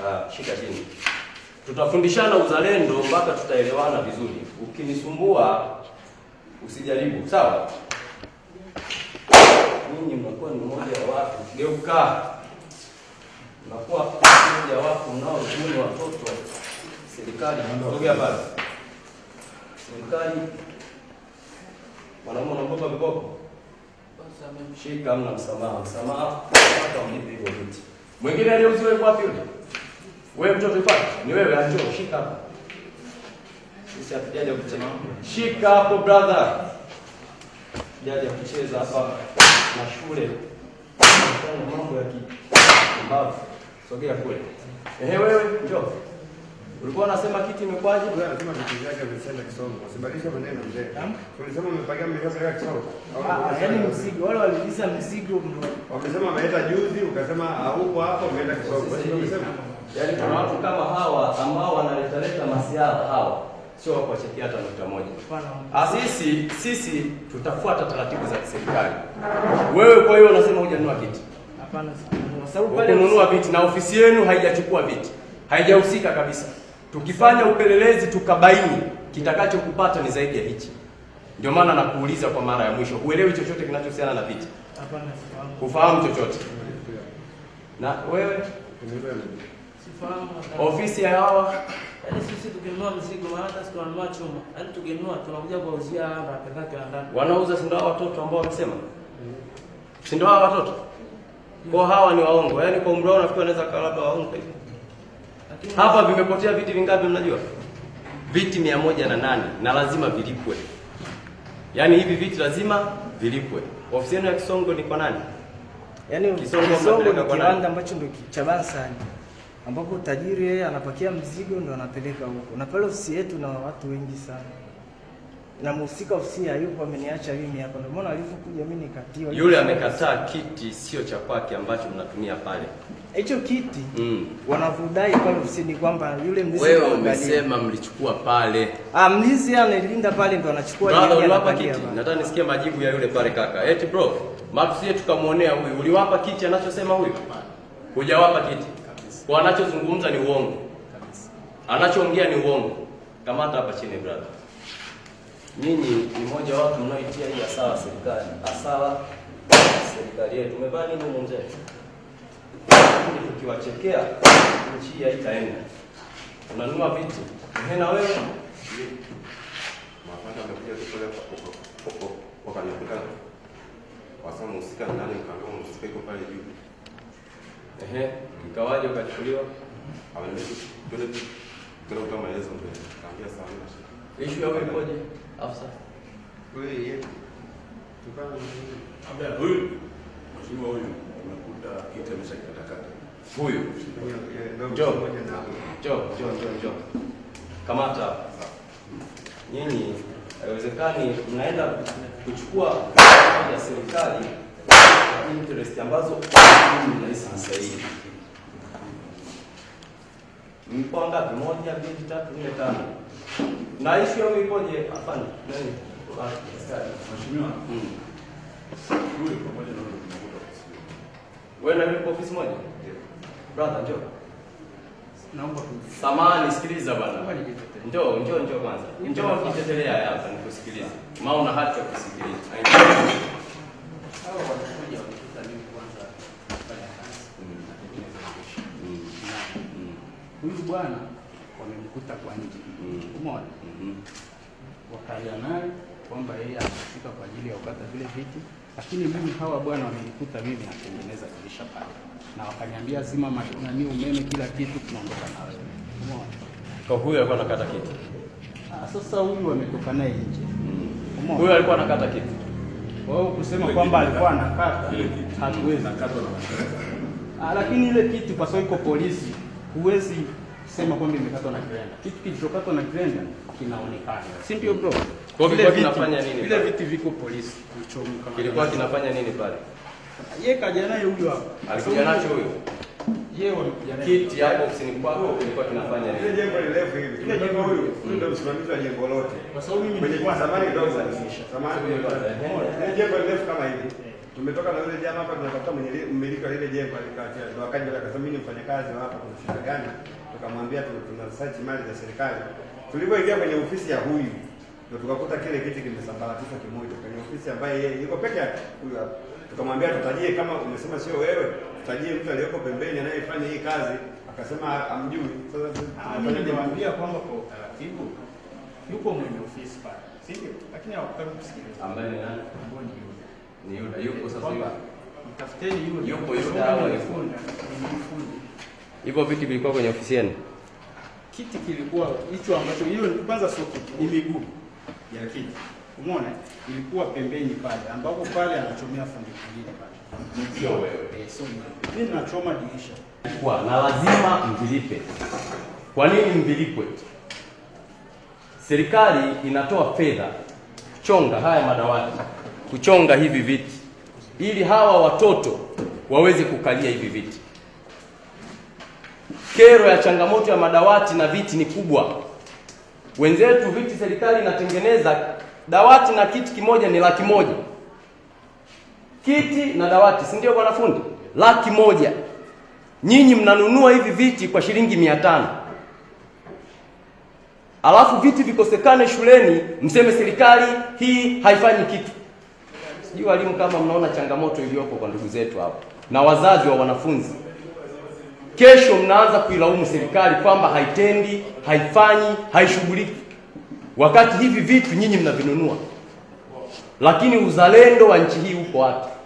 Ah, shika chini, tutafundishana uzalendo mpaka tutaelewana vizuri. Ukinisumbua usijaribu, sawa? Ninyi mnakuwa ni mmoja wa watu, geuka, mnakuwa mmoja wa watu mnaozuni watoto. Serikali sogea pale, serikali wanaume wanaogopa mikopo Shika, mna msamaha. Msamaha mpaka mlipe hiyo viti. Mwingine aliuziwa wapi yule? Wewe mtoto ipate. Ni wewe anjo shika hapo. Sisi hatujaje kusema. Shika hapo brother. Jaje kucheza hapa na shule. Fanya mambo ya ki. kipumbavu. Sogea kule. Ehe, wewe njoo. Ulikuwa unasema kiti imekwaje? Wewe unasema kiti yake vimesema kisomo. Usibadilishe maneno mzee. Ulisema umepakia mzigo yake kisomo. Ah, yaani mzigo wale waliuliza mzigo mdogo. Wamesema ameleta juzi, ukasema hauko hapo, umeenda kisomo. Wewe unasema Yaani kuna watu kama hawa ambao wanaletaleta masiara hawa sio wa kuwachekia hata nukta moja. Ah, sisi tutafuata taratibu za serikali Wewe kwa hiyo unasema hujanunua viti? Hapana, kununua viti na ofisi yenu haijachukua viti, haijahusika kabisa. Tukifanya upelelezi tukabaini kitakachokupata ni zaidi ya hichi. Ndio maana nakuuliza kwa mara ya mwisho, uelewi chochote kinachohusiana na viti? Hapana, sifahamu. Kufahamu chochote? na wewe ofisi ya hawa yaani sisi mzigo hata chuma yaani kwa hawa wanauza si ndio watoto ambao wamesema, si ndio hawa watoto kwa hawa ni waongo, yaani kwa umri wao nafikiri wanaweza kuwa labda waongo hivi. Hapa vimepotea viti vingapi? Mnajua viti mia na nane na lazima vilipwe, yaani hivi viti lazima vilipwe. Ofisi yenu ya Kisongo ni kwa nani? Yaani Kisongo, Kisongo ni kiwanda ambacho ndio cha Bansani ambapo tajiri yeye anapakia mzigo ndo anapeleka huko, na pale ofisi yetu na watu wengi sana na mhusika ofisi hayupo, ameniacha mimi hapa. Ndio maana alivyokuja mimi nikatiwa. Yule amekataa kiti sio cha kwake ambacho mnatumia pale. Hicho kiti mm. wanavudai pale ofisini kwamba yule mlinzi wewe umesema mlichukua pale. Ah, mlinzi analinda pale ndo anachukua yeye anapa kiti. Nataka nisikie majibu ya yule pale kaka. Eti bro, mapsi yetu kamuonea huyu. Uliwapa kiti anachosema huyu? Hujawapa kiti kwa anachozungumza ni uongo, anachoongea ni uongo. Kamata hapa chini brother. Nyinyi ni mmoja wa watu mnaoitia hii asawa serikali, asawa serikali yetu. Umevaa nini huko mzee? Ukiwachekea nchi hii haitaenda. Unanunua vitu na wewe ehe, ikawaje ukachukuliwa? Bila kutoa maelezo mbele. ikoje? Afsa. Kamata. Nyinyi haiwezekani mnaenda kuchukua ya serikali interest ambazo ni rahisi msaidi. Mko ngapi? Moja, mbili, tatu, nne, tano. Na issue yao ipoje? Hapana. Mheshimiwa. Mm. pamoja na Wewe na yule ofisi moja? Brother, njoo. Naomba sikiliza bwana. Njoo, njoo, njoo kwanza. Njoo nitetelee hapa nikusikilize. Maana una haki ya kusikiliza. huyu bwana wamemkuta kwa nje, mm-hmm. umeona, mm-hmm. wakaja naye kwamba yeye amefika kwa ajili ya kupata vile viti, lakini mimi hawa bwana wamenikuta mimi natengeneza dirisha pale, na wakaniambia zima nani umeme, kila kitu, tunaondoka nawe. Umeona, kwa huyu alikuwa anakata kiti. Ah, sasa huyu wametoka naye nje, mm-hmm. umeona, huyu alikuwa anakata kitu Kwa kusema kwamba alikuwa anakata hatuwezi, ah, lakini ile kiti kwa sababu iko polisi huwezi sema kwamba imekatwa na grinder. Kitu kilichokatwa na grinder kinaonekana, si ndio bro? Kwa vile kinafanya nini? Vile viti viko polisi kuchomka. Kilikuwa kinafanya nini pale? Yeye kaja naye huyo hapo. Alikuja nacho huyo. Yeye wamekuja naye. Kiti hapo ofisini kwako kilikuwa kinafanya nini? Ile jengo ni refu hivi. Ile jengo huyo ndio msimamizi wa jengo lote. Kwa sababu mimi nilikuwa zamani kidogo sana. Zamani ndio. Ile jengo ni refu kama hivi tumetoka na yule jamaa hapa, tunatafuta mwenye mmiliki wa ile jengo alikatia, ndo akaja akasema mimi ni mfanyakazi wa hapa, kuna shida gani? Tukamwambia tuna search mali za serikali. Tulipoingia kwenye ofisi ya huyu ndo tukakuta kile kiti kimesambaratishwa kimoja kwenye ofisi ambaye yeye yuko peke yake huyu hapa. Tukamwambia tutajie, kama umesema sio wewe, tutajie mtu aliyeko pembeni anayefanya hii kazi. Akasema amjui. Sasa tunaambia kwamba kwa utaratibu yuko mwenye ofisi pale, sivyo? Lakini hawakusikiliza ambaye ni nani Ambaye ni Yuda yupo sasa hivi. Mtafuteni Yuda. Yupo Yuda au alifunga? Hivyo viti vilikuwa kwenye ofisi yenu? Kiti kilikuwa hicho ambacho hiyo ni kwanza sio kiti, ni miguu ya kiti. Umeona? Ilikuwa pembeni pale ambapo pale anachomea fundi mwingine pale. Sio wewe. Eh, sio mimi. Mimi nachoma dirisha. Kwa na lazima mvilipe. Kwa nini mvilipwe? Serikali inatoa fedha kuchonga haya madawati kuchonga hivi viti ili hawa watoto waweze kukalia hivi viti. Kero ya changamoto ya madawati na viti ni kubwa. Wenzetu viti serikali inatengeneza dawati na kiti kimoja ni laki moja, kiti na dawati, si ndio bwana fundi? Laki moja. Nyinyi mnanunua hivi viti kwa shilingi mia tano alafu viti vikosekane shuleni, mseme serikali hii haifanyi kitu. Sijui walimu kama mnaona changamoto iliyopo kwa ndugu zetu hapo na wazazi wa wanafunzi. Kesho mnaanza kuilaumu serikali kwamba haitendi, haifanyi, haishughuliki, wakati hivi vitu nyinyi mnavinunua. Lakini uzalendo wa nchi hii uko wapi?